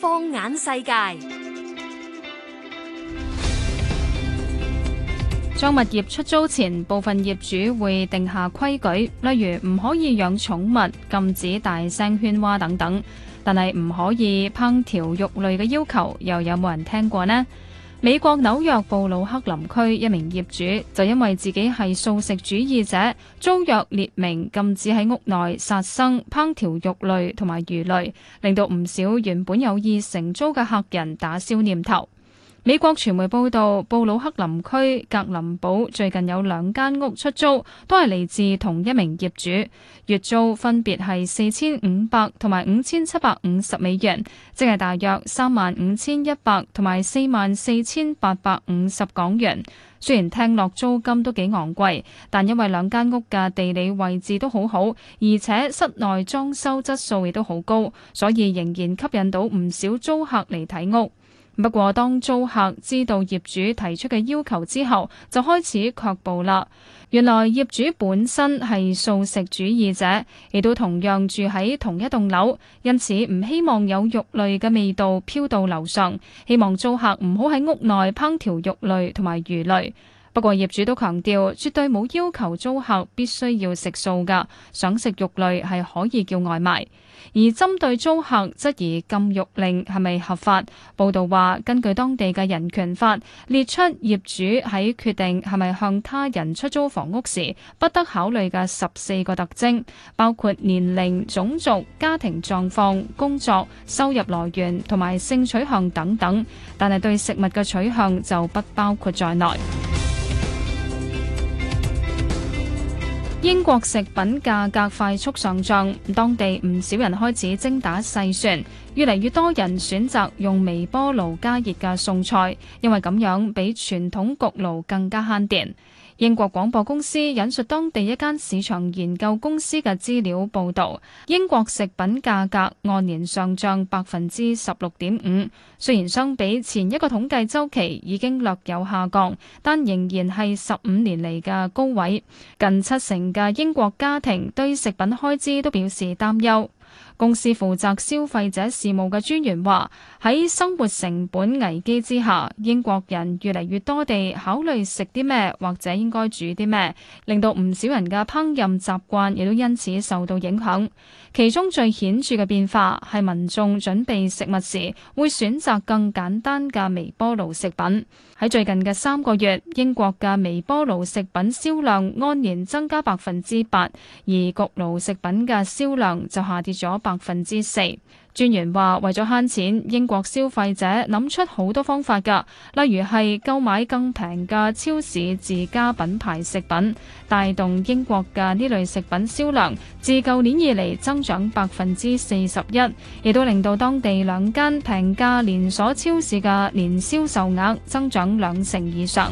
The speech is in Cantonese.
放眼世界，將物業出租前，部分業主會定下規矩，例如唔可以養寵物、禁止大聲喧嘩等等。但係唔可以烹調肉類嘅要求，又有冇人聽過呢？美國紐約布魯克林區一名業主就因為自己係素食主義者，租約列明禁止喺屋內殺生、烹調肉類同埋魚類，令到唔少原本有意承租嘅客人打消念頭。美國傳媒報道，布魯克林區格林堡最近有兩間屋出租，都係嚟自同一名業主，月租分別係四千五百同埋五千七百五十美元，即係大約三萬五千一百同埋四萬四千八百五十港元。雖然聽落租金都幾昂貴，但因為兩間屋嘅地理位置都好好，而且室內裝修質素亦都好高，所以仍然吸引到唔少租客嚟睇屋。不過，當租客知道業主提出嘅要求之後，就開始卻步啦。原來業主本身係素食主義者，亦都同樣住喺同一棟樓，因此唔希望有肉類嘅味道飄到樓上，希望租客唔好喺屋內烹調肉類同埋魚類。不過，業主都強調，絕對冇要求租客必須要食素㗎，想食肉類係可以叫外賣。而針對租客質疑禁肉令係咪合法，報道話根據當地嘅人權法列出業主喺決定係咪向他人出租房屋時不得考慮嘅十四個特徵，包括年齡、種族、家庭狀況、工作、收入來源同埋性取向等等，但係對食物嘅取向就不包括在內。英國食品價格快速上漲，當地唔少人開始精打細算，越嚟越多人選擇用微波爐加熱嘅餸菜，因為咁樣比傳統焗爐更加慳電。英國廣播公司引述當地一間市場研究公司嘅資料報導，英國食品價格按年上漲百分之十六點五。雖然相比前一個統計週期已經略有下降，但仍然係十五年嚟嘅高位。近七成嘅英國家庭對食品開支都表示擔憂。公司負責消費者事務嘅專員話：喺生活成本危機之下，英國人越嚟越多地考慮食啲咩或者應該煮啲咩，令到唔少人嘅烹飪習慣亦都因此受到影響。其中最顯著嘅變化係民眾準備食物時會選擇更簡單嘅微波爐食品。喺最近嘅三個月，英國嘅微波爐食品銷量按年增加百分之八，而焗爐食品嘅銷量就下跌咗百分之四。專員話：為咗慳錢，英國消費者諗出好多方法㗎，例如係購買更平嘅超市自家品牌食品，帶動英國嘅呢類食品銷量自舊年以嚟增長百分之四十一，亦都令到當地兩間平價連鎖超市嘅年銷售額增長兩成以上。